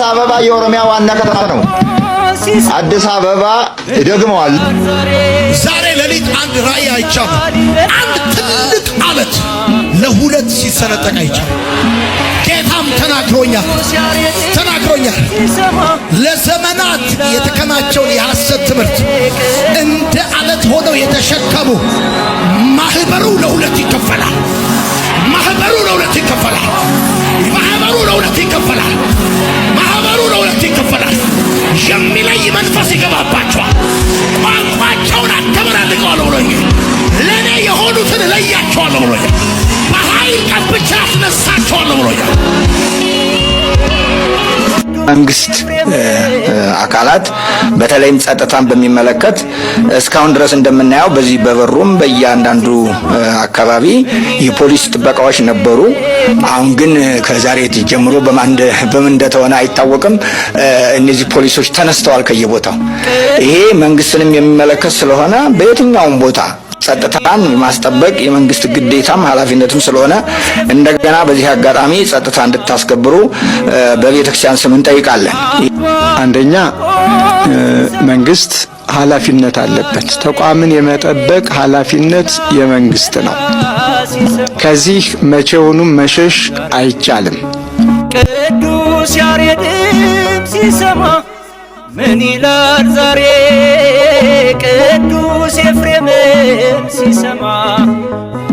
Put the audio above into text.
አዲስ አበባ የኦሮሚያ ዋና ከተማ ነው። አዲስ አበባ ይደግመዋል። ዛሬ ሌሊት አንድ ራእይ አይቻል። አንድ ትልቅ አለት ለሁለት ሲሰነጠቅ አይቻል። ጌታም ተናግሮኛል ተናግሮኛል። ለዘመናት የተከማቸውን የሐሰት ትምህርት እንደ አለት ሆነው የተሸከሙ ማህበሩ ለሁለት ይከፈላል። ላይ መንፈስ ይገባባቸዋል። ቋንቋቸውን አተበላልቀዋለሁ ብሎኛል። ለእኔ የሆኑትን እለያቸዋለሁ ብሎኛል። በኃይል ቀብቼ አስነሳቸዋለሁ ብሎኛል። የመንግስት አካላት በተለይም ጸጥታን በሚመለከት እስካሁን ድረስ እንደምናየው በዚህ በበሩም በእያንዳንዱ አካባቢ የፖሊስ ጥበቃዎች ነበሩ። አሁን ግን ከዛሬ ጀምሮ በምን እንደተሆነ አይታወቅም። እነዚህ ፖሊሶች ተነስተዋል ከየቦታው። ይሄ መንግስትንም የሚመለከት ስለሆነ በየትኛውም ቦታ ጸጥታን ማስጠበቅ የመንግስት ግዴታም ኃላፊነትም ስለሆነ እንደገና በዚህ አጋጣሚ ጸጥታ እንድታስከብሩ በቤተክርስቲያን ስም እንጠይቃለን። አንደኛ መንግስት ኃላፊነት አለበት። ተቋምን የመጠበቅ ኃላፊነት የመንግስት ነው። ከዚህ መቼውኑም መሸሽ አይቻልም። ቅዱስ ያሬድም ሲሰማ ምን ይላል ዛሬ 是什么？